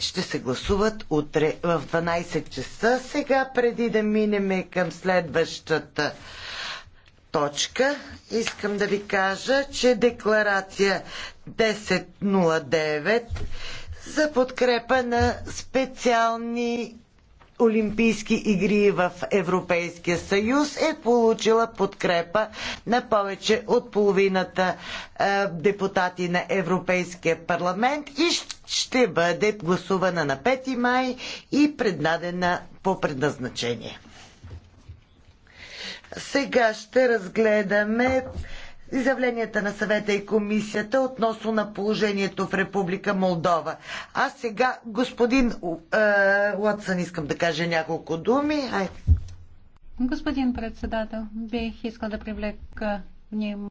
ще се гласуват утре в 12 часа. Сега, преди да минеме към следващата точка, искам да ви кажа, че декларация 1009 за подкрепа на специални Олимпийски игри в Европейския съюз е получила подкрепа на повече от половината е, депутати на Европейския парламент и ще бъде гласувана на 5 май и преднадена по предназначение. Сега ще разгледаме изявленията на съвета и комисията относно на положението в Република Молдова. А сега господин Лотсън, е, искам да кажа няколко думи. Ай. Господин председател, бих искал да привлека внимание